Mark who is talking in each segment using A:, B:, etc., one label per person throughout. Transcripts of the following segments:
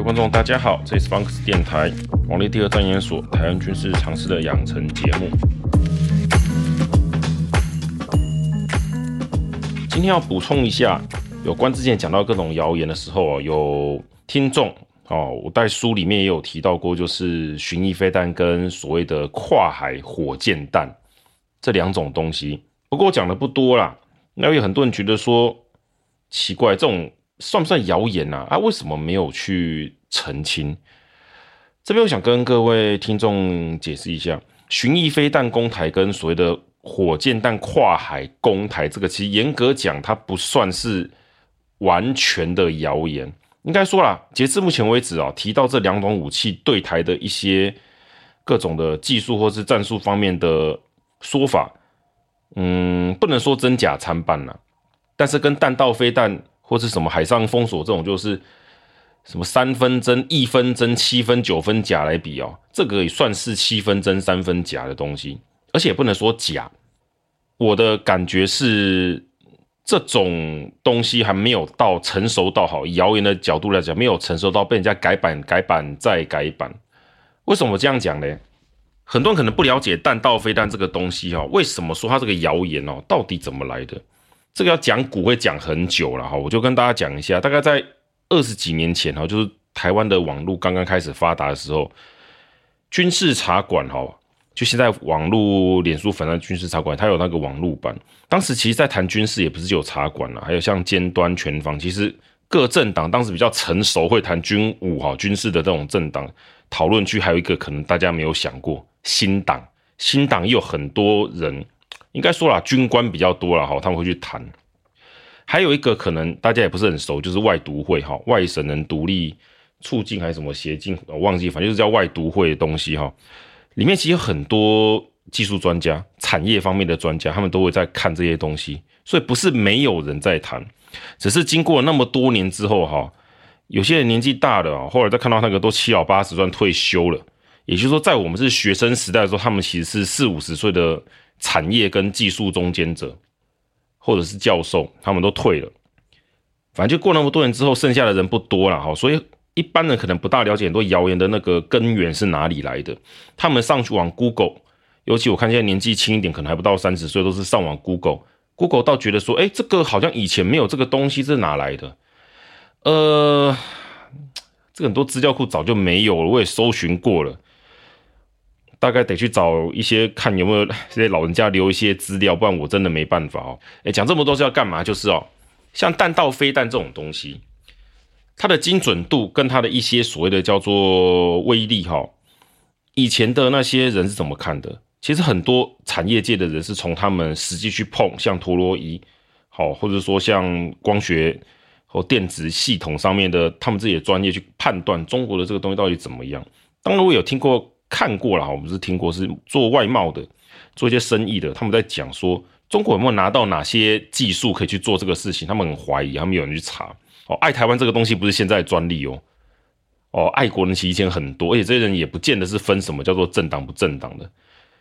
A: 各位觀眾，大家好，這裡是 Funk's 電台，王立第二戰研所，台灣軍事常識的養成節目。今天要補充一下，有關之前講到各種謠言的時候啊，有聽眾哦，我在書裡面也有提到過，就是巡弋飛彈跟所謂的跨海火箭彈這兩種東西。不過我講的不多啦，那有很多人覺得說奇怪，這種。算不算謠言呢、啊？啊，為什麼沒有去澄清？這邊我想跟各位聽眾解釋一下，巡弋飛彈攻台跟所謂的火箭彈跨海攻台，這個其實嚴格講，它不算是完全的謠言。應該說啦，截至目前為止啊、喔，提到這兩種武器對台的一些各種的技術或是戰術方面的說法，嗯，不能說真假參半了。但是跟彈道飛彈或是什麼海上封鎖這種，就是什麼三分真、一分真、七分九分假來比哦，這個也算是七分真、三分假的東西，而且也不能說假。我的感覺是，這種東西還沒有到成熟到哈，謠言的角度來講，沒有成熟到被人家改版、改版再改版。為什麼我這樣講呢？很多人可能不了解彈道飛彈這個東西哦，為什麼說它這個謠言哦，到底怎麼來的？這個要講古會講很久了哈，我就跟大家講一下，大概在二十幾年前哈，就是台灣的網絡剛剛開始發達的時候，軍事茶館哈，就現在網絡臉書粉的軍事茶館，它有那個網絡版。當時其實在談軍事也不是只有茶館啦，還有像尖端、全方，其實各政黨當時比較成熟會談軍武哈，軍事的這種政黨討論區，還有一個可能大家沒有想過，新黨，新黨也有很多人。應該說了，軍官比較多了哈，他們會去談。還有一個可能大家也不是很熟，就是外獨會哈，外省人獨立促進還是什麼協進，我忘記，反正就是叫外獨會的東西哈。裡面其實有很多技術專家、產業方面的專家，他們都會在看這些東西，所以不是沒有人在談，只是經過那麼多年之後哈，有些人年紀大了，後來再看到那個都七老八十算退休了，也就是說，在我們是學生時代的時候，他們其實是四五十歲的。產業跟技術中間者，或者是教授，他們都退了，反正就過那麼多年之後，剩下的人不多了哈。所以一般人可能不大了解很多謠言的那個根源是哪裡來的。他們上去往 Google，尤其我看現在年紀輕一點，可能還不到三十歲，都是上網 Google。Google 倒覺得說，哎、欸，這個好像以前沒有這個東西，這是哪來的？呃，這個很多資料庫早就沒有了，我也搜尋過了。大概得去找一些看有沒有這些老人家留一些資料，不然我真的沒辦法哦。欸，講這麼多是要幹嘛？就是哦，像彈道飛彈這種東西，它的精準度跟它的一些所謂的叫做威力哈、哦，以前的那些人是怎麼看的？其實很多產業界的人是從他們實際去碰，像陀螺儀，好、哦，或者說像光學或電子系統上面的，他們自己的專業去判斷中國的這個東西到底怎麼樣。當然，我有聽過。看過了我們是聽過，是做外貿的，做一些生意的，他們在講說中國有沒有拿到哪些技術可以去做這個事情，他們很懷疑，他們有人去查哦。愛台灣這個東西不是現在專利哦，哦，愛國人其實以前很多，而且這些人也不見得是分什麼叫做政黨不政黨的，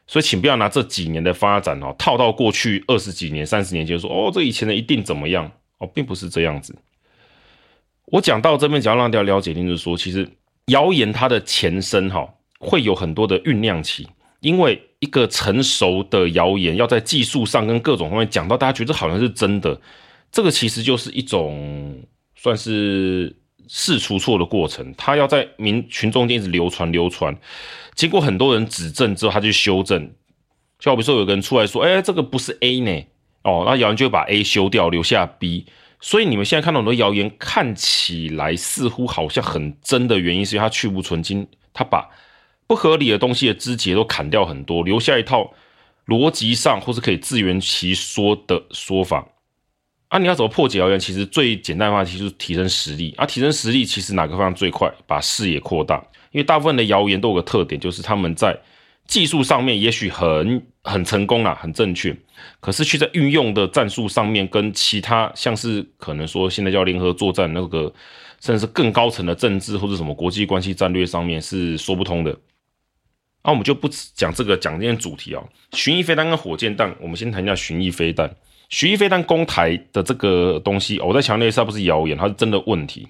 A: 所以請不要拿這幾年的發展哦套到過去二十幾年、三十年前就說哦，這個、以前的一定怎麼樣哦，並不是這樣子。我講到這邊，想要讓大家了解就是說，其實謠言它的前身哈、哦。會有很多的醞釀期，因為一個成熟的謠言要在技術上跟各種方面講到，大家覺得這好像是真的，這個其實就是一種算是試出錯的過程。他要在民群眾間一直流傳流傳，結果很多人指正之後，他就修正。就好比如說有個人出來說：“哎、欸，這個不是 A 呢。”哦，那謠言就會把 A 修掉，留下 B。所以你們現在看到很多謠言看起來似乎好像很真的原因，是因為它去蕪存菁，他把。不合理的東西的枝節都砍掉很多，留下一套邏輯上或是可以自圓其說的說法啊！你要怎麼破解謠言？其實最簡單的話就是提升實力啊！提升實力其實哪個方向最快？把視野擴大，因為大部分的謠言都有個特點，就是他們在技術上面也許很很成功啦、啊，很正確，可是卻在運用的戰術上面跟其他像是可能說現在叫聯合作戰那個，甚至更高層的政治或者什麼國際關係戰略上面是說不通的。那、啊、我們就不講這個，講今天主題哦。巡弋飛彈跟火箭彈，我們先談一下巡弋飛彈。巡弋飛彈攻台的這個東西，哦、我再強調一下，不是謠言，它是真的問題。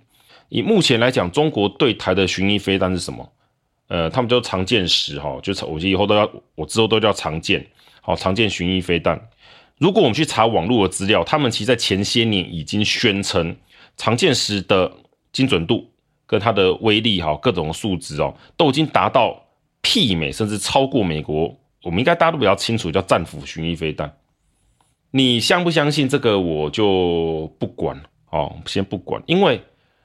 A: 以目前來講，中國對台的巡弋飛彈是什麼？呃，他們叫長劍十哈、哦，就是、我以後都要，我之後都叫長劍好、哦，長劍巡弋飛彈。如果我們去查網絡的資料，他們其實在前些年已經宣稱長劍十的精準度跟它的威力哈、哦，各種數值哦，都已經達到媲美，甚至超過美國，我們應該大家都比較清楚，叫戰斧巡弋飛彈。你相不相信這個我就不管哦，先不管，因為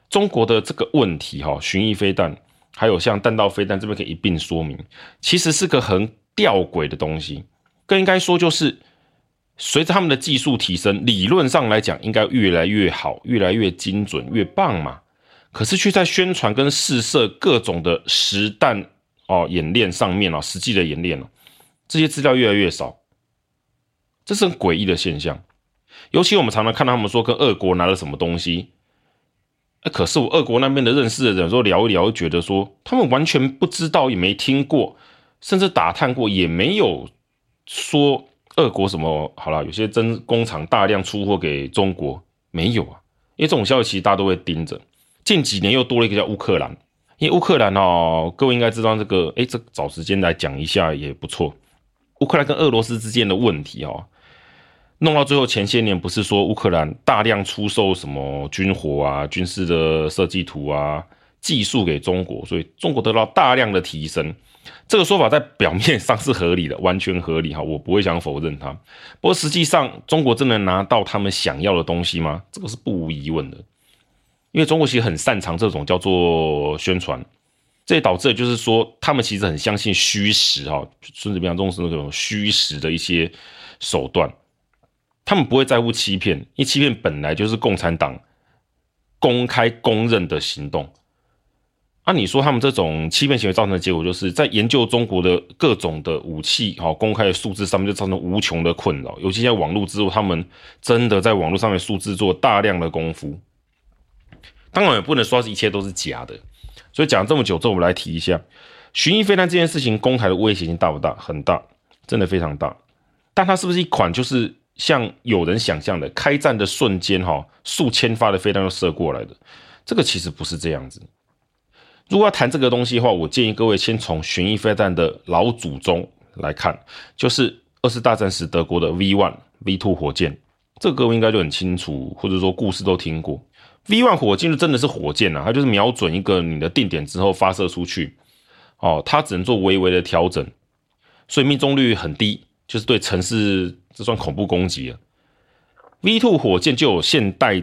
A: 中國的這個問題哈、哦，巡弋飛彈還有像彈道飛彈這邊可以一併說明，其實是個很弔詭的東西，更應該說就是隨着他們的技術提升，理論上來講應該越來越好，越來越精準，越棒嘛。可是卻在宣傳跟試射各種的實彈，哦，演練上面哦，實際的演練哦，這些資料越來越少，這是很詭異的現象。尤其我們常常看到他們說跟俄國拿了什麼東西，可是我俄國那邊的認識的人說聊一聊，覺得說他們完全不知道，也沒聽過，甚至打探過也沒有說俄國什麼好了。有些真工廠大量出貨給中國沒有啊？因為這種消息其實大家都會盯着。近幾年又多了一個叫烏克蘭。烏克蘭哦，各位應該知道這個，誒，這找時間來講一下也不錯。烏克蘭跟俄羅斯之間的問題哦，弄到最後前些年不是說烏克蘭大量出售什麼軍火啊、軍事的設計圖啊、技術給中國，所以中國得到大量的提升。這個說法在表面上是合理的，完全合理哈、哦，我不會想否認它。不過實際上，中國真的拿到他們想要的東西嗎？這個是不無疑問的。因為中國其實很擅長這種叫做宣傳，這也導致了就是說，他們其實很相信虛實哈。孫子兵法中是那種虛實的一些手段，他們不會在乎欺騙，因為欺騙本來就是共產黨公開公認的行動。按、啊、你說，他們這種欺騙行為造成的結果，就是在研究中國的各種的武器、哈公開的數字上面，就造成無窮的困擾。尤其在網絡之後，他們真的在網絡上面數字做大量的功夫。當然也不能說是一切都是假的，所以講了這麼久，這我們來提一下，巡弋飛彈這件事情，攻台的危險性大不大？很大，真的非常大。但它是不是一款就是像有人想象的開戰的瞬間，哈，數千發的飛彈都射過來的？這個其實不是這樣子。如果要談這個東西的話，我建議各位先從巡弋飛彈的老祖宗來看，就是二次大戰時德國的 V one V two 火箭，這個各位應該就很清楚，或者說故事都聽過。V1 火箭就真的是火箭吶、啊，它就是瞄準一個你的定點之後發射出去，哦，它只能做微微的調整，所以命中率很低，就是對城市這算恐怖攻擊了。V2 火箭就有現代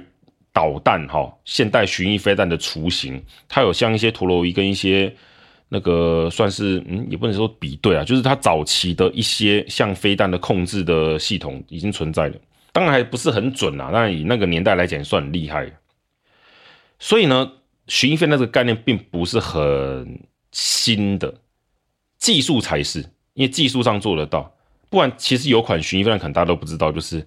A: 導彈哈、哦，現代巡弋飛彈的雛形，它有像一些陀螺儀跟一些那個算是嗯也不能說比對啊，就是它早期的一些像飛彈的控制的系統已經存在了，當然還不是很準啦、啊，但以那個年代來講算很厲害。所以呢，巡弋飛那個概念並不是很新的，技術才是，因為技術上做得到。不然，其實有款巡弋飛彈，可能大家都不知道，就是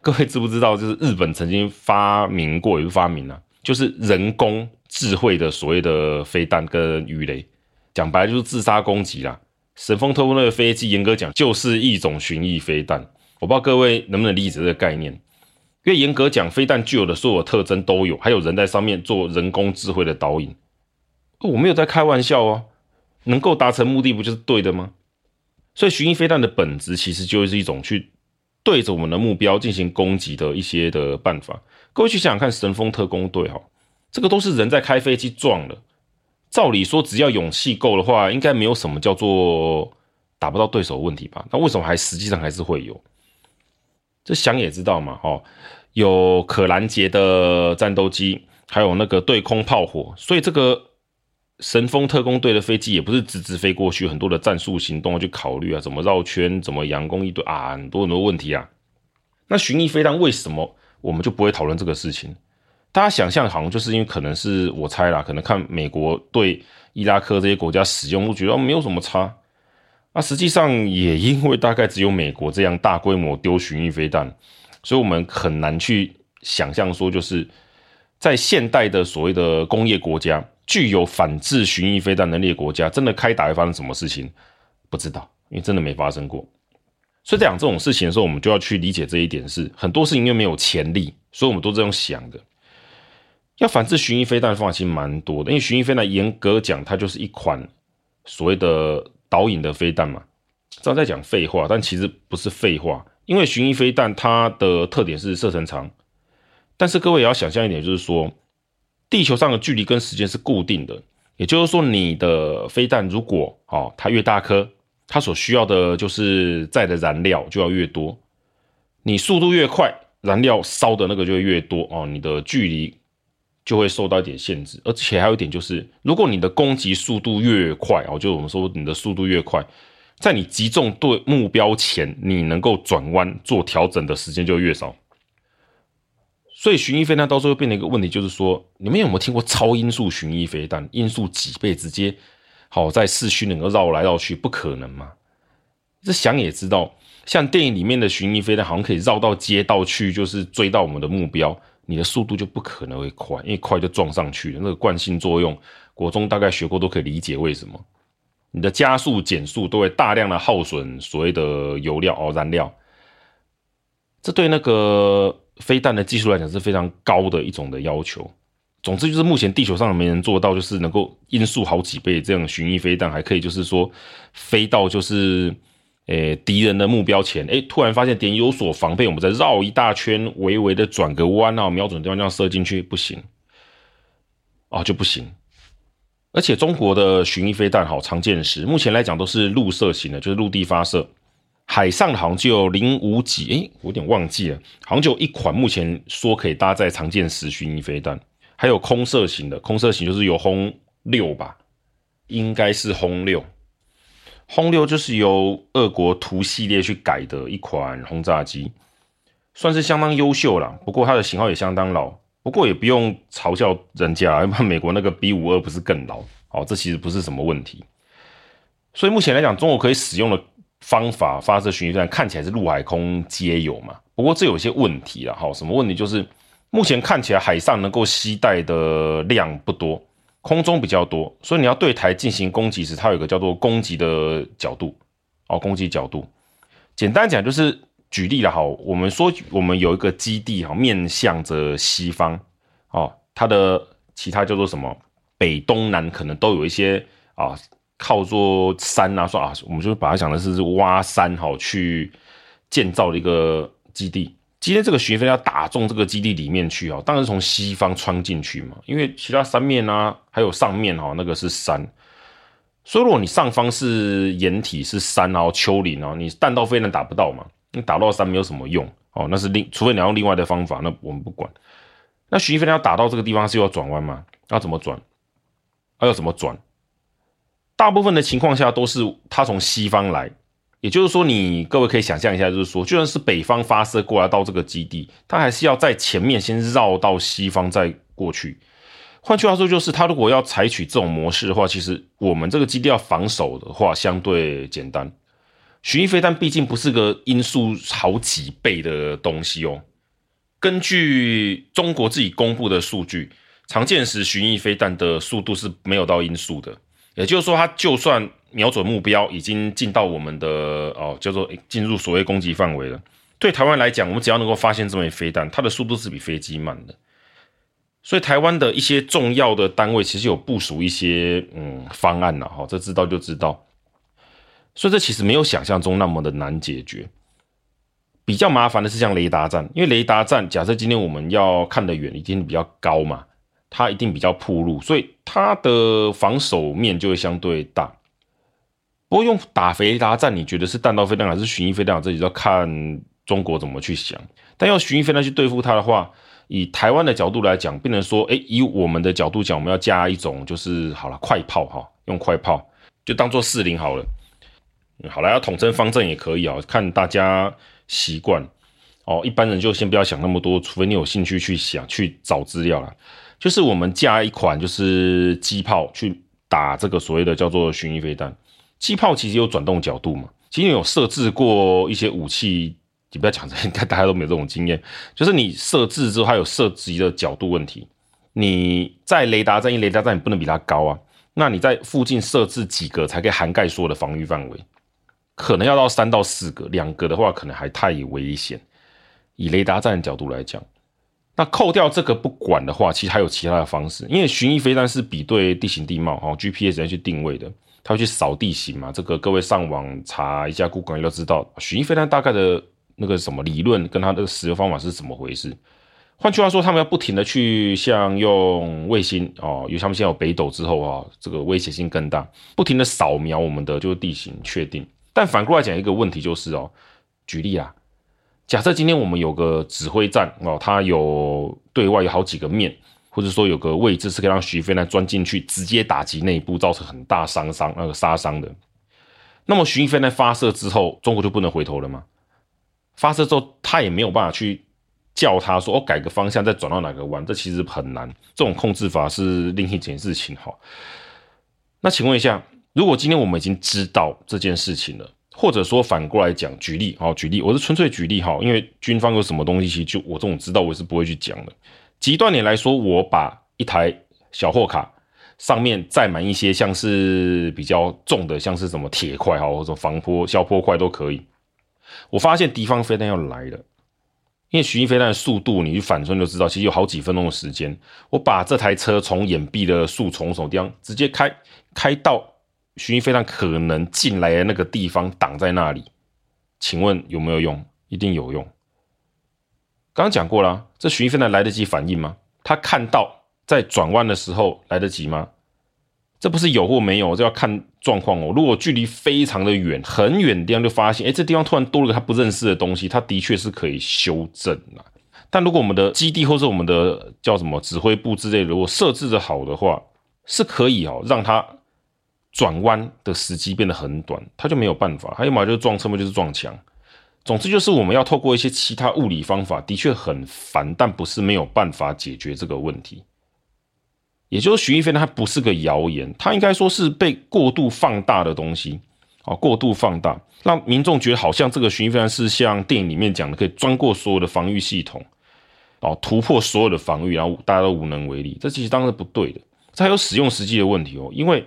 A: 各位知不知道，就是日本曾經發明過一個發明啊，就是人工智慧的所謂的飛彈跟魚雷，講白了就是自殺攻擊啦。神風特攻那個飛機，嚴格講就是一種巡弋飛彈，我不知道各位能不能理解這個概念。因為嚴格講，飛彈具有的所有的特徵都有，還有人在上面做人工智慧的導引。哦、我沒有在開玩笑哦、啊，能夠達成目的不就是對的嗎？所以巡弋飛彈的本質其實就是一種去對着我們的目標進行攻擊的一些的辦法。各位去想想看，神風特攻隊哈，這個都是人在開飛機撞了。照理說，只要勇氣夠的話，應該沒有什麼叫做打不到對手的問題吧？那為什麼還實際上還是會有？這想也知道嘛，哈。有可攔截的戰鬥機，還有那個對空炮火，所以這個神風特攻隊的飛機也不是直直飛過去，很多的戰術行動要去考慮啊，怎麼繞圈，怎麼佯攻一堆啊，很多很多問題啊。那巡弋飛彈為什麼我們就不會討論這個事情？大家想象好像就是因為可能是我猜啦，可能看美國對伊拉克這些國家使用，覺得沒有什麼差。那實際上也因為大概只有美國這樣大規模丟巡弋飛彈。所以，我們很難去想象說，就是在現代的所謂的工業國家，具有反制巡弋飛彈能力的國家，真的開打會發生什麼事情？不知道，因為真的沒發生過。所以在講這種事情的時候，我們就要去理解這一點是：是很多事情因為沒有前例，所以我們都這樣想的。要反制巡弋飛彈的方法其實蠻多的，因為巡弋飛彈嚴格講，它就是一款所謂的導引的飛彈嘛。這樣在講廢話，但其實不是廢話。因為巡弋飛彈它的特點是射程長，但是各位也要想象一點，就是說地球上的距離跟時間是固定的，也就是說你的飛彈如果哦它越大顆，它所需要的就是載的燃料就要越多，你速度越快，燃料燒的那個就越多哦，你的距離就會受到一點限制，而且還有一點就是，如果你的攻擊速度越快哦，就是我們說你的速度越快。在你擊中對目標前，你能夠轉彎做調整的時間就越少。所以巡弋飛彈到最後變成一個問題，就是說，你們有沒有聽過超音速巡弋飛彈？音速幾倍直接好在市區能夠繞來繞去，不可能嘛，這想也知道，像電影裡面的巡弋飛彈好像可以繞到街道去，就是追到我們的目標，你的速度就不可能會快，因為快就撞上去了。那個慣性作用，國中大概學過都可以理解為什麼。你的加速、減速都會大量的耗損所謂的油料，哦，燃料，這對那個飛彈的技術來講是非常高的一種的要求。總之就是目前地球上沒人做到，就是能夠音速好幾倍這樣巡弋飛彈，還可以就是說飛到就是誒敵人的目標前，哎突然發現敵人有所防備，我們再繞一大圈，微微的轉個彎啊，瞄準地方這樣射進去不行，哦就不行。而且中國的巡弋飛彈好長劍式，目前來講都是陸射型的，就是陸地發射。海上好像就有零五幾，誒、欸，我有點忘記了，好像就有一款目前說可以搭載長劍式巡弋飛彈。還有空射型的，空射型就是有轟六吧，應該是轟六，轟六就是由俄國圖系列去改的一款轟炸機，算是相當優秀了，不過它的型號也相當老。不過也不用嘲笑人家，因為美國那個 B 五二不是更老？哦，這其實不是什麼問題。所以目前來講，中國可以使用的方法發射巡弋彈，看起來是陸海空皆有嘛。不過這有一些問題了，好、哦，什麼問題？就是目前看起來海上能夠攜帶的量不多，空中比較多。所以你要對台進行攻擊時，它有一個叫做攻擊的角度，哦，攻擊角度。簡單講就是。舉例了哈，我們說我們有一個基地哈，面向着西方哦，它的其他叫做什麼北東南可能都有一些啊靠做山啊，說啊，我們就把它講的是挖山哈，去建造一個基地。今天這個巡飛，要打中這個基地裡面去啊，當然是從西方穿進去嘛，因為其他三面啊還有上面哈，那個是山，所以如果你上方是掩體是山然後丘陵哦，你彈道飛彈打不到嘛。你打到三沒有什麼用哦，那是另，除非你要用另外的方法，那我們不管。那巡弋飛彈要打到這個地方，是要轉彎嗎？要怎麼轉啊？要怎麼轉？大部分的情況下都是他從西方來，也就是說，你各位可以想象一下，就是說，就算是北方發射過來到這個基地，他還是要在前面先繞到西方再過去。換句話說，就是他如果要採取這種模式的話，其實我們這個基地要防守的話，相對簡單。巡弋飛彈畢竟不是個音速好幾倍的東西哦。根據中國自己公布的數據，常見時巡弋飛彈的速度是沒有到音速的。也就是說，它就算瞄準目標，已經進到我們的哦，叫做進入所謂攻擊範圍了。對台灣來講，我們只要能夠發現這枚飛彈，它的速度是比飛機慢的。所以，台灣的一些重要的單位其實有部署一些嗯方案了哈，這知道就知道。所以這其實沒有想象中那麼的難解決。比較麻煩的是像雷達站，因為雷達站假設今天我們要看得遠，一定比較高嘛，它一定比較暴露，所以它的防守面就會相對大。不過用打雷達站，你覺得是彈道飛彈還是巡弋飛彈？這就要看中國怎麼去想。但用巡弋飛彈去對付它的話，以台灣的角度來講，不能說，哎，以我們的角度講，我們要加一種就是好了，快炮哈，用快炮就當做四零好了。好了，要統稱方陣也可以啊、喔，看大家習慣哦。一般人就先不要想那麼多，除非你有興趣去想去找資料了。就是我們加一款就是機炮去打這個所謂的叫做巡弋飛彈。機炮其實有轉動角度嘛，其實你有設置過一些武器。你不要講這個，應該大家都沒有這種經驗。就是你設置之後，它有涉及的角度問題。你在雷達站，一雷達站你不能比它高啊。那你在附近設置幾個，才可以涵蓋所有的防禦範圍。可能要到三到四個，兩個的話可能還太危險。以雷達站的角度來講，那扣掉這個不管的話，其實還有其他的方式。因為巡弋飛彈是比對地形地貌哈、哦、，GPS 去定位的，它會去掃地形嘛。這個各位上網查一下，Google 都知道巡弋飛彈大概的那個什麼理論跟它的使用方法是怎麼回事。換句話說，他們要不停的去像用衛星哦，因為他們現在有北斗之後啊、哦，這個威脅性更大，不停的掃描我們的就是地形確定。但反過來講，一個問題就是哦，舉例啊，假設今天我們有個指揮站哦，它有對外有好幾個面，或者說有個位置是可以讓巡弋飛彈呢鑽進去，直接打擊內部，造成很大傷傷那個殺傷的。那麼巡弋飛彈呢發射之後，中國就不能回頭了嗎？發射之後，他也沒有辦法去叫他說我、哦、改個方向，再轉到哪個彎？這其實很難。這種控制法是另一件事情哈。那請問一下？如果今天我們已經知道這件事情了，或者說反過來講，舉例啊、哦，舉例，我是純粹舉例哈，因為軍方有什麼東西，其實就我這種知道，我是不會去講的。極端點來說，我把一台小貨卡上面載滿一些像是比較重的，像是什麼鐵塊或者防波消波塊，都可以。我發現敵方飛彈要來了，因為巡弋飛彈的速度，你去反算就知道，其實有好幾分鐘的時間。我把這台車從掩蔽的樹叢、手地上直接開開到。巡弋飛彈非常可能進來的那個地方擋在那裡，請問有沒有用？一定有用。剛剛講過了，這巡弋飛彈非常來得及反應嗎？他看到在轉彎的時候來得及嗎？這不是有或沒有，這要看狀況哦。如果距離非常的遠，很遠地方就發現，哎、欸，這地方突然多了個他不認識的東西，他的確是可以修正了。但如果我們的基地或是我們的叫什麼指揮部之類的，如果設置的好的話，是可以哦、喔，讓他。轉彎的時機變得很短，他就沒有辦法，他一嘛就是撞車，嘛就是撞牆。總之就是我們要透過一些其他物理方法，的確很煩，但不是沒有辦法解決這個問題。也就是巡弋飛彈呢，他不是個謠言，他應該說是被過度放大的東西哦，過度放大，讓民眾覺得好像這個巡弋飛彈是像電影裡面講的，可以鑽過所有的防禦系統，哦，突破所有的防禦，然後大家都無能為力。這其實當然是不對的，這還有使用時機的問題哦，因為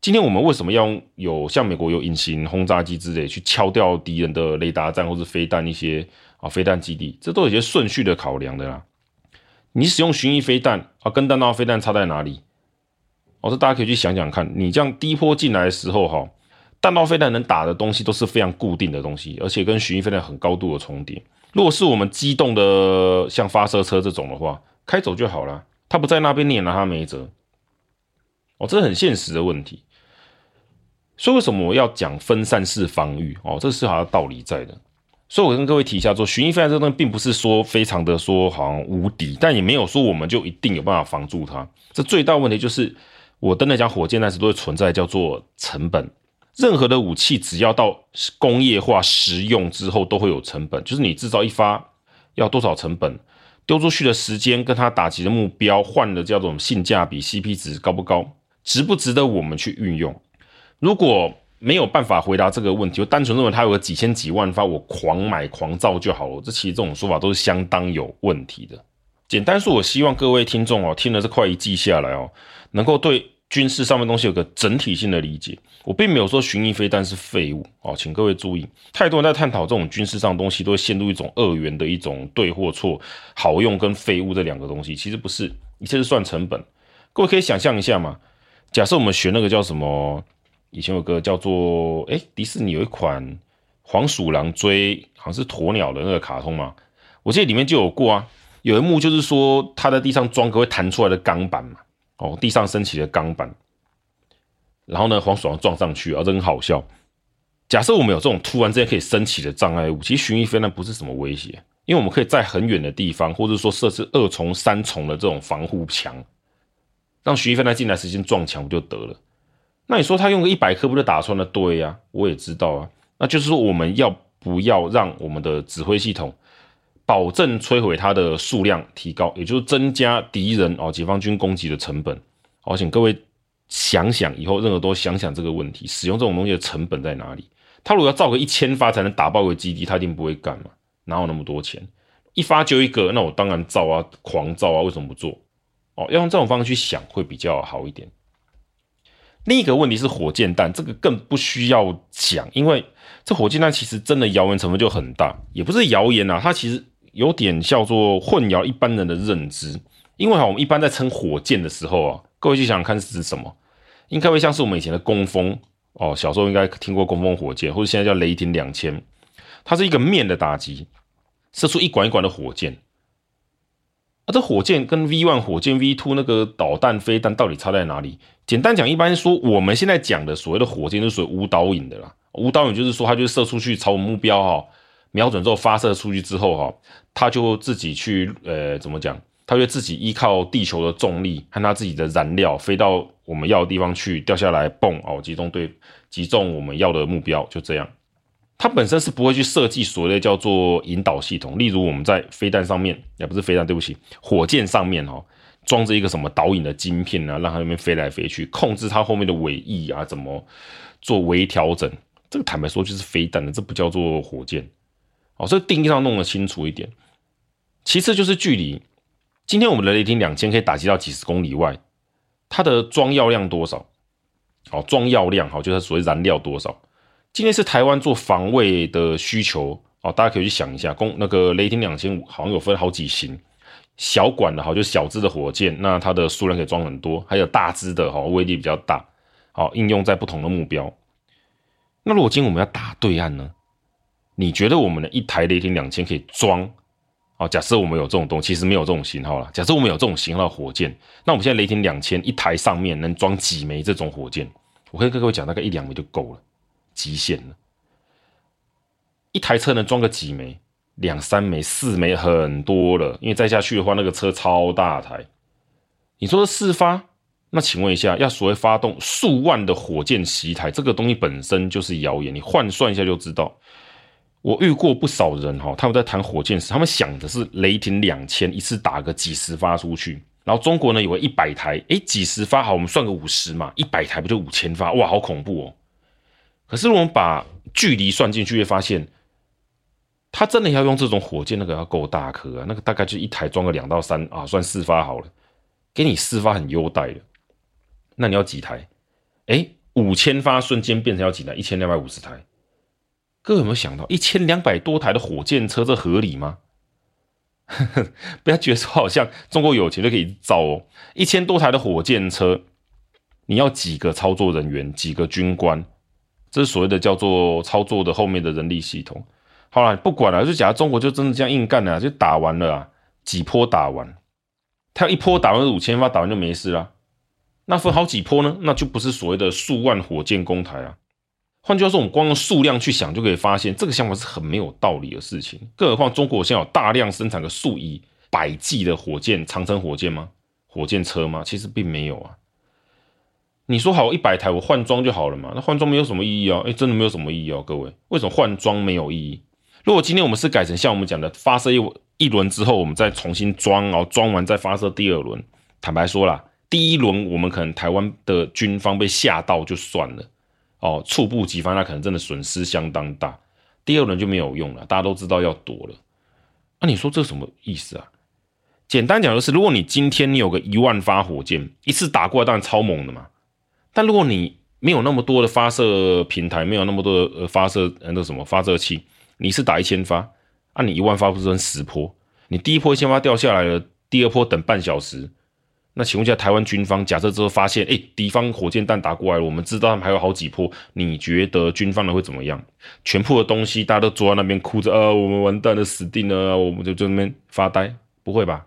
A: 今天我們為什麼要有像美國有隱形轟炸機之類去敲掉敵人的雷達站或是飛彈一些啊、哦、飛彈基地？這都有一些順序的考量的啦。你使用巡弋飛彈啊，跟彈道飛彈差在哪裡？我、哦、說大家可以去想想看。你這樣低坡進來的時候，哈、哦，彈道飛彈能打的東西都是非常固定的東西，而且跟巡弋飛彈很高度的重疊。如果是我們機動的像發射車這種的話，開走就好了，他不在那邊你也拿他沒轍。哦，這是很現實的問題。所以為什麼我要講分散式防禦？哦，這是好像道理在的。所以我跟各位提一下說，說巡弋飛彈這個東西，並不是說非常的說好像無敵，但也沒有說我們就一定有辦法防住它。這最大問題就是，我的那講，火箭彈是都會存在叫做成本。任何的武器，只要到工業化實用之後，都會有成本。就是你製造一發要多少成本，丟出去的時間，跟它打擊的目標換的叫做性價比 CP 值高不高，值不值得我們去運用？如果沒有辦法回答這個問題，就單純認為他有個幾千幾萬發，我狂買狂造就好了。這其實這種說法都是相當有問題的。簡單說，我希望各位聽眾哦，聽了這塊一記下來哦，能夠對軍事上面的東西有個整體性的理解。我並沒有說巡弋飛彈是廢物哦，請各位注意，太多人在探討這種軍事上的東西，都會陷入一種二元的一種對或錯、好用跟廢物這兩個東西。其實不是，一切是算成本。各位可以想象一下嘛，假設我們學那個叫什麼？以前有個叫做哎、欸，迪士尼，有一款黃鼠狼追，好像是鴕鳥的那個卡通嘛。我記得裡面就有過啊，有一幕就是說它，在地上裝個會彈出來的鋼板嘛，哦，地上升起的鋼板，然後呢，黃鼠狼撞上去啊，這很好笑。假設我們有這種突然之間可以升起的障礙物，其實巡弋飛彈呢，不是什麼威脅，因為我們可以在很遠的地方，或者說設置二重、三重的這種防護牆，讓巡弋飛彈呢進來直接撞牆不就得了。那你說他用個一百顆不就打穿了？對呀、啊，我也知道啊。那就是說，我們要不要讓我們的指揮系統保證摧毀他的數量提高，也就是增加敵人哦解放軍攻擊的成本？好、哦，請各位想想，以後任何都想想這個問題，使用這種東西的成本在哪裡？他如果要造個一千發才能打爆個基地，他一定不會幹嘛？哪有那麼多錢？一發就一個，那我當然造啊，狂造啊，為什麼不做？哦，要用這種方式去想會比較好一點。另一個問題是火箭彈，這個更不需要講，因為這火箭彈其實真的謠言成分就很大，也不是謠言啊，它其實有點叫做混淆一般人的認知。因為哈，我們一般在稱火箭的時候啊，各位去想想看是指什麼，應該會像是我們以前的工蜂哦，小時候應該聽過工蜂火箭，或者現在叫雷霆兩千，它是一個面的打擊，射出一管一管的火箭。啊、這火箭跟 V One 火箭、V Two 那個導彈、飛彈到底差在哪裡？簡單講，一般說我們現在講的所謂的火箭，就屬於無導引的啦。無導引就是說它就射出去朝我們目標哈、哦，瞄準之後發射出去之後哈、哦，它就自己去呃怎麼講？它就自己依靠地球的重力和它自己的燃料飛到我們要的地方去，掉下來蹦哦，集中對擊中我們要的目標，就這樣。它本身是不會去設計所謂叫做引導系統，例如我們在飛彈上面，也不是飛彈，對不起，火箭上面哦，裝着一個什麼導引的晶片啊，讓它那邊飛來飛去，控制它後面的尾翼啊，怎麼做微調整，這個坦白說就是飛彈的，這不叫做火箭。哦，這個定義上弄得清楚一點。其次就是距離，今天我們的雷霆兩千可以打擊到幾十公里外，它的裝藥量多少？哦，裝藥量好，就是所謂燃料多少。今天是台灣做防衛的需求，大家可以去想一下，攻那個雷霆兩千五好像有分好幾型，小管的哈，就是小支的火箭，那它的數量可以裝很多；還有大支的哈，威力比較大，好應用在不同的目標。那如果今天我們要打對岸呢？你覺得我們的一台雷霆兩千可以裝？好，假設我們有這種東西，其實沒有這種型號啦。假設我們有這種型號的火箭，那我們現在雷霆兩千一台上面能裝幾枚這種火箭？我可以跟各位講，大概一兩枚就夠了。極限了，一台車能裝個幾枚？兩三枚、四枚，很多了。因為再下去的話，那個車超大台。你說是四發，那請問一下，要所謂發動數萬的火箭襲台，這個東西本身就是謠言。你換算一下就知道。我遇過不少人哈，他們在談火箭時，他們想的是雷霆兩千，一次打個幾十發出去，然後中國呢有個一百台，哎、欸，幾十發好，我們算個五十嘛，一百台不就五千發？哇，好恐怖哦！可是如果我們把距離算進去，會發現，他真的要用這種火箭，那個要夠大顆啊，那個大概就一台裝個兩到三啊，算四發好了，給你四發很優待的，那你要幾台？誒、欸，五千發瞬間變成要幾台？一千兩百五十台，各位有沒有想到一千兩百多台的火箭車，這合理嗎？呵呵，不要覺得說好像中國有錢就可以造哦，一千多台的火箭車，你要幾個操作人員，幾個軍官？這是所謂的叫做操作的後面的人力系統。好了，不管了、啊，就假如中國就真的這樣硬幹了、啊，就打完了啊，幾波打完，他要一波打完五千發，打完就沒事了、啊。那分好幾波呢？那就不是所謂的數萬火箭攻台啊。換句話說，我們光用數量去想，就可以發現這個想法是很沒有道理的事情。更何況，中國現在有大量生產的數以百計的火箭，長程火箭嗎？火箭車嗎？其實並沒有啊。你說好一百台，我換裝就好了嘛？那換裝沒有什麼意義哦，誒，真的沒有什麼意義哦，各位，為什麼換裝沒有意義？如果今天我們是改成像我們講的發射一一輪之後，我們再重新裝哦，然後裝完再發射第二輪。坦白說啦，第一輪我們可能台灣的軍方被嚇到就算了哦，猝不及防，那可能真的損失相當大。第二輪就沒有用了，大家都知道要躲了。那，啊，你說這什麼意思啊？簡單講就是，如果你今天你有個一萬發火箭，一次打過來，當然超猛的嘛。但如果你沒有那麼多的發射平台，沒有那麼多的發射那個什麼發射器，你是打一千發，啊，你一萬發不是就十波，你第一波一千發掉下來了，第二波等半小時，那請問一下台灣軍方，假設之後發現，誒、欸，敵方火箭彈打過來了，我們知道他們還有好幾波，你覺得軍方的會怎麼樣？全部的東西大家都坐在那邊哭着，啊，我們完蛋了，死定了，我們就在那邊發呆？不會吧？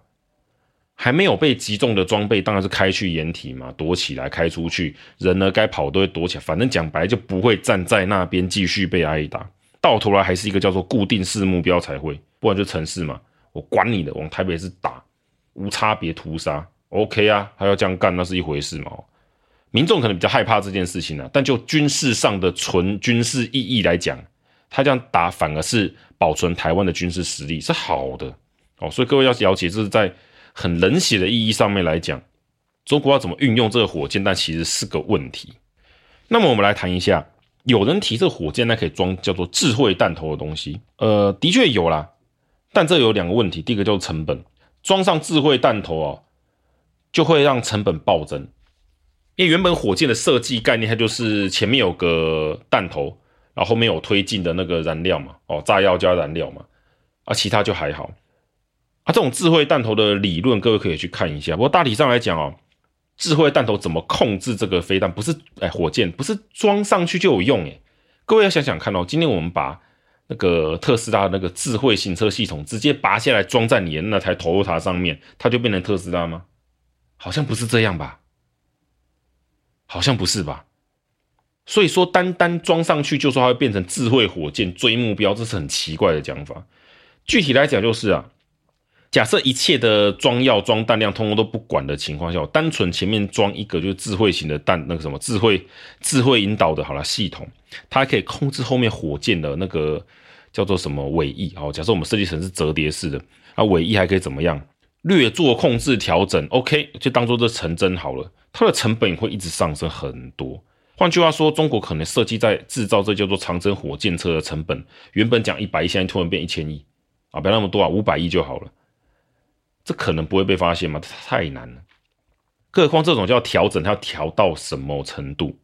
A: 還沒有被擊中的裝備，當然是開去掩體嘛，躲起來，開出去。人呢，該跑都會躲起來，反正講白就不會站在那邊繼續被挨打。到頭來還是一個叫做固定式目標才會，不然就是城市嘛。我管你的，往台北市打，無差別屠殺，OK 啊？他要這樣幹，那是一回事嘛？民眾可能比較害怕這件事情啊，但就軍事上的純軍事意義來講，他這樣打反而是保存台灣的軍事實力是好的哦。所以各位要了解，這、就是在。很冷血的意義上面來講，中國要怎麼運用這個火箭彈其實是個問題。那麼我們來談一下，有人提這火箭彈可以裝叫做智慧彈頭的東西，呃，的確有啦，但這有兩個問題，第一個就是成本，裝上智慧彈頭哦，就會讓成本暴增，因為原本火箭的設計概念它就是前面有個彈頭，然後後面有推進的那個燃料嘛，哦，炸藥加燃料嘛，啊，其他就還好。啊，這種智慧彈頭的理論，各位可以去看一下。不過大體上來講哦，智慧彈頭怎麼控制這個飛彈？不是，哎、欸，火箭不是裝上去就有用哎。各位要想想看哦，今天我們把那個特斯拉的那個智慧行車系統直接拔下來裝在你的那台 Toyota 上面，它就變成特斯拉嗎？好像不是這樣吧？好像不是吧？所以說，單單裝上去就說它會變成智慧火箭追目標，這是很奇怪的講法。具體來講就是啊。假設一切的裝藥裝彈量，通通都不管的情況下，我單純前面裝一個就是智慧型的彈，那個什麼智慧智慧引導的，好了，系統，它還可以控制後面火箭的那個叫做什麼尾翼哦。假設我們設計成是折疊式的，那、啊、尾翼還可以怎麼樣，略做控制調整，OK，就當做這成真好了。它的成本也會一直上升很多。換句話說，中國可能設計在制造這叫做長程火箭車的成本，原本講一百億，現在突然變一千億啊，不要那麼多啊，五百億就好了。這可能不會被發現嗎？太難了，更何況這種就要調整，它要調到什麼程度？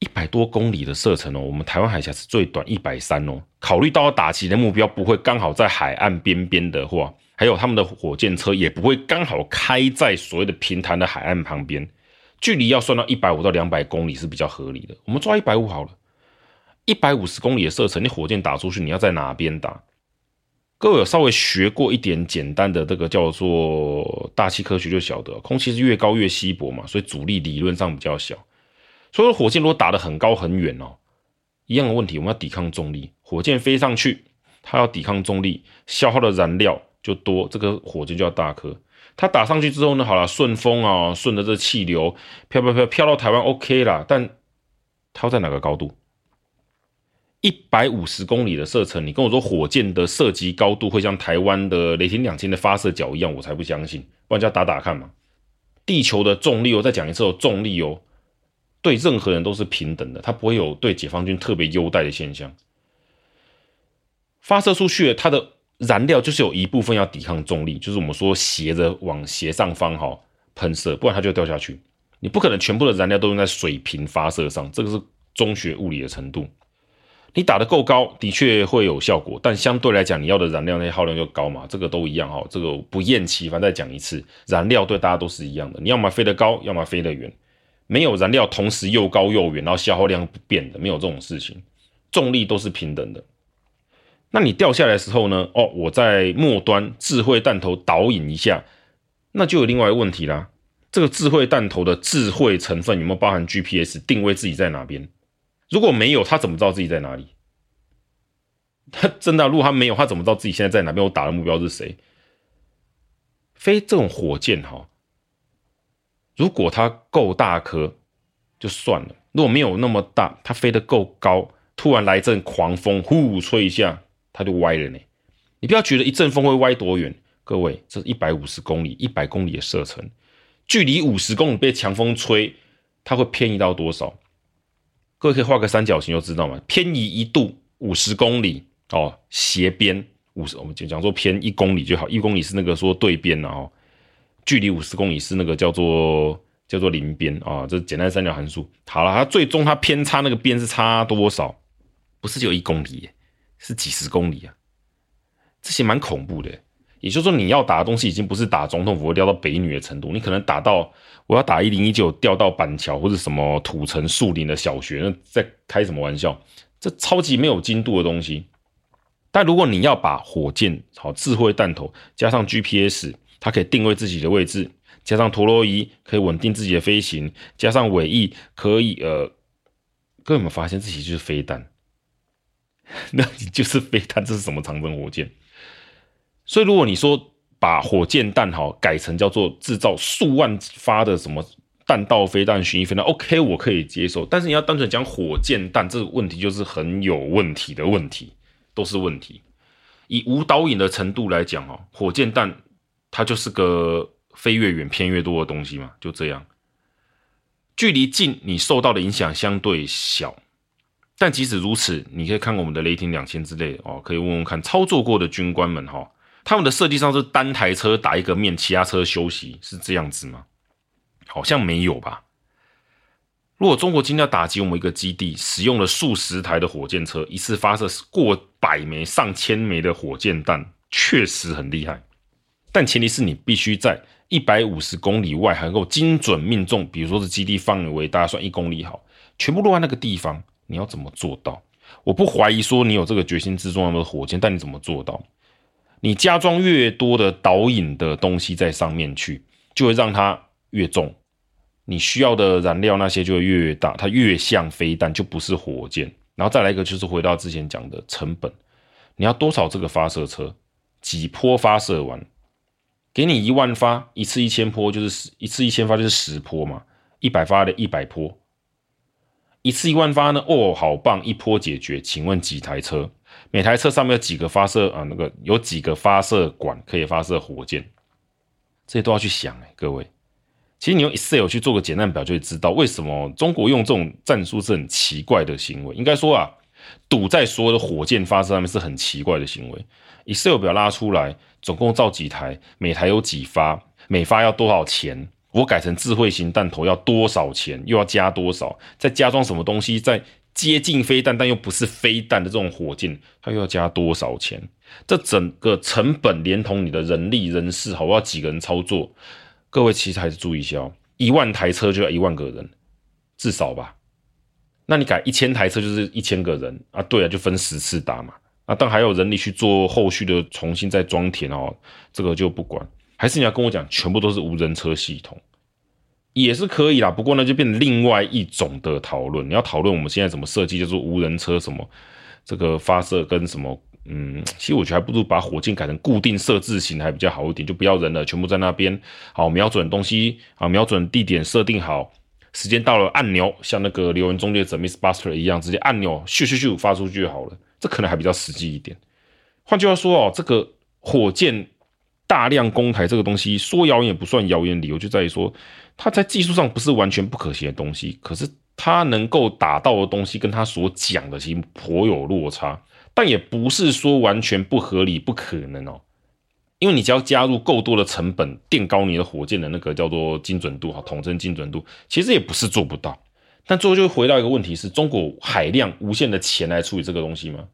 A: 一百多公里的射程哦，我們台灣海峽是最短一百三哦。考慮到要打擊的目標不會剛好在海岸邊邊的話，還有他們的火箭車也不會剛好開在所謂的平坦的海岸旁邊，距離要算到一百五到兩百公里是比較合理的。我們抓一百五好了，一百五十公里的射程，你火箭打出去，你要在哪邊打？各位有稍微學過一點簡單的這個叫做大氣科學，就曉得空氣是越高越稀薄嘛，所以阻力理論上比較小。所以說火箭如果打得很高很遠哦，一樣的問題，我們要抵抗重力。火箭飛上去，它要抵抗重力，消耗的燃料就多，這個火箭就要大顆。它打上去之後呢，好了，順風哦，順着這氣流飄飄飄飄到台灣，OK 啦。但它在哪個高度？一百五十公里的射程，你跟我說火箭的射擊高度會像台灣的雷霆兩千的發射角一樣，我才不相信。不然就要打打看嘛！地球的重力，哦，再講一次，哦，重力哦，對任何人都是平等的，它不會有對解放軍特別優待的現象，發射出去，它的燃料就是有一部分要抵抗重力，就是我們說斜着往斜上方哈噴射，不然它就掉下去。你不可能全部的燃料都用在水平發射上，這個是中學物理的程度。你打得夠高的確會有效果，但相對來講，你要的燃料那些耗量就高嘛，這個都一樣哈、哦。這個不厭其煩再講一次，燃料對大家都是一樣的。你要麼飛得高，要麼飛得遠，沒有燃料同時又高又遠，然後消耗量不變的，沒有這種事情。重力都是平等的。那你掉下來的時候呢？哦，我在末端智慧彈頭導引一下，那就有另外一個問題啦。這個智慧彈頭的智慧成分有沒有包含 GPS 定位自己在哪邊？如果沒有，他怎麼知道自己在哪裡？他真的、啊，如果他沒有，他怎麼知道自己現在在哪邊？我打的目標是誰？飛這種火箭哈，如果它夠大顆就算了，如果沒有那麼大，它飛得夠高，突然來一陣狂風，呼呼吹一下，它就歪了呢。你不要覺得一陣風會歪多遠，各位，這是一百五十公里、一百公里的射程，距離五十公里被強風吹，它會偏移到多少？各位可以畫個三角形就知道嘛，偏移一度五十公里哦，喔，斜邊五十，50, 我們就講說偏一公里就好，一公里是那個說對邊哦，距離五十公里是那個叫做叫做鄰邊啊，這、喔，是簡單三角函數。好了，它最終它偏差那個邊是差多少？不是就一公里，欸，是幾十公里啊，這些蠻恐怖的，欸。也就是說，你要打的東西已經不是打總統府或掉到北女的程度，你可能打到我要打一零一九掉到板橋或者什麼土城樹林的小學，那在開什麼玩笑？這超級沒有精度的東西。但如果你要把火箭好智慧彈頭加上 GPS，它可以定位自己的位置，加上陀螺儀可以穩定自己的飛行，加上尾翼可以呃，各位有沒有發現自己就是飛彈？ 那你就是飛彈，這是什麼長征火箭？所以，如果你說把火箭彈哈改成叫做制造數萬發的什麼彈道飛彈、巡弋飛彈，OK，我可以接受。但是你要單純講火箭彈這個問題，就是很有問題的問題，都是問題。以無導引的程度來講哦，火箭彈它就是個飛越遠、偏越多的東西嘛，就這樣。距離近，你受到的影響相對小。但即使如此，你可以看我們的雷霆兩千之類哦，可以問問看操作過的軍官們哈。他們的設計上是單台車打一個面，其他車休息，是這樣子嗎？好像沒有吧。如果中國今天要打擊我們一個基地，使用了數十台的火箭車，一次發射過百枚、上千枚的火箭彈，確實很厲害。但前提是你必須在一百五十公里外還能夠精準命中，比如說是基地範圍，大家算一公里好，全部落在那個地方，你要怎麼做到？我不懷疑說你有這個決心之中的火箭，但你怎麼做到？你加裝越多的導引的東西在上面去，就會讓它越重。你需要的燃料那些就會越、越大，它越像飛彈，就不是火箭。然後再來一個，就是回到之前講的成本，你要多少這個發射車？幾波發射完，給你一萬發，一次一千波，就是十，一次一千發就是十波嘛，一百發的一百波。一次一萬發呢？哦，好棒，一波解決。請問幾台車？每台車上面有幾個發射啊？那個有幾個發射管可以發射火箭？這些都要去想，各位。其實你用 Excel 去做個簡單表，就會知道為什麼中國用這種戰術是很奇怪的行為。應該說啊，賭在所有的火箭發射上面是很奇怪的行為。Excel 表拉出來，總共造幾台？每台有幾發？每發要多少錢？我改成智慧型彈頭要多少錢？又要加多少？再加裝什麼東西？在？接近飛彈，但又不是飛彈的這種火箭，它又要加多少錢？這整個成本連同你的人力、人事，好，我要幾個人操作？各位其實還是注意一下哦，一萬台車就要一萬個人，至少吧。那你改一千台車就是一千個人，啊，對啊，就分十次打嘛。啊，但還有人力去做後續的重新再裝填哦，這個就不管。還是你要跟我講，全部都是無人車系統。也是可以啦，不過呢，就變另外一種的討論。你要討論我們現在怎麼設計，就是無人車什麼這個發射跟什麼，嗯，其實我覺得還不如把火箭改成固定設置型還比較好一點，就不要人了，全部在那邊，好瞄準東西啊，瞄準地點設定好，時間到了按鈕，像那個《流言終結者》Miss Buster 一樣，直接按鈕咻咻咻咻發出去好了，這可能還比較實際一點。換句話說哦，這個火箭大量攻台這個東西說謠言也不算謠言，理由就在於說。它在技術上不是完全不可行的東西，可是它能夠達到的東西，跟它所講的其實頗有落差，但也不是說完全不合理、不可能哦、喔。因為你只要加入夠多的成本，墊高你的火箭的那個叫做精準度哈，統稱精準度，其實也不是做不到。但最後就回到一個問題：是中國海量無限的錢來處理這個東西嗎？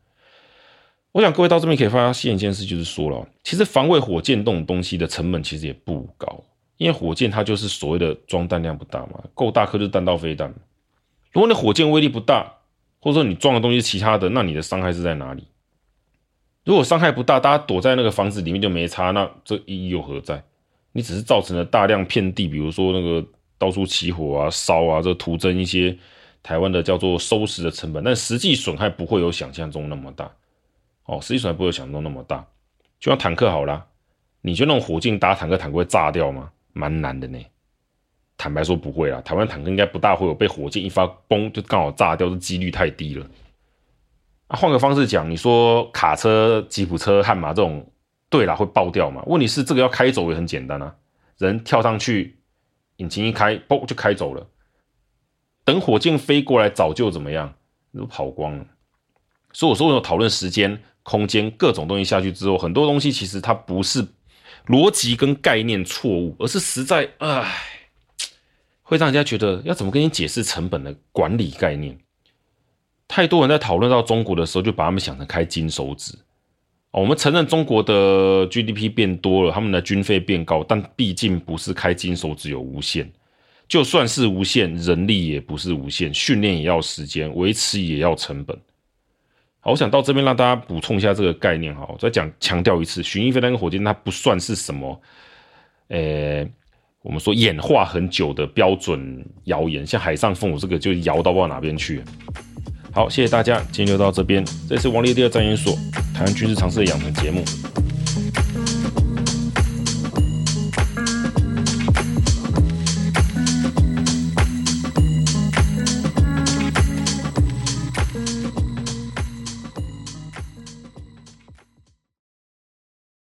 A: 我想各位到這邊可以發現一件事，就是說了，其實防衛火箭這種東西的成本其實也不高。因為火箭它就是所謂的裝彈量不大嘛，夠大顆就是彈道飛彈。如果你火箭威力不大，或者說你裝的東西是其他的，那你的傷害是在哪裡？如果傷害不大，大家躲在那個房子裡面就沒差，那這意義又何在？你只是造成了大量遍地，比如說那個到處起火啊、燒啊，這個、徒增一些台灣的叫做收拾的成本，但實際損害不會有想象中那麼大。哦，實際損害不會有想象中那麼大。就像坦克好啦，你就用火箭打坦克，坦克會炸掉嗎？蠻難的呢，坦白說不會啦，台灣坦克應該不大會有被火箭一發嘣，就剛好炸掉的幾率太低了。換個方式講，你說卡車、吉普車、悍馬這種，對啦，會爆掉嗎？問題是這個要開走也很簡單啊，人跳上去，引擎一開，嘣就開走了。等火箭飛過來，早就怎麼樣，都跑光了。所以我說，我有討論時間、空間各種東西下去之後，很多東西其實它不是。邏輯跟概念錯誤，而是實在唉，會讓人家覺得要怎麼跟你解釋成本的管理概念？太多人在討論到中國的時候，就把他們想成開金手指。哦，我們承認中國的 GDP 變多了，他們的軍費變高，但畢竟不是開金手指有無限，就算是無限，人力也不是無限，訓練也要時間，維持也要成本。好，我想到這邊讓大家補充一下這個概念哈，我再講強調一次，巡弋飛彈跟火箭它不算是什麼，呃、欸，我們說演化很久的標準謠言，像海上烽火這個就搖到不知道哪邊去。好，謝謝大家，今天就到這邊，這是王立第二戰研所，台灣軍事常識養成節目。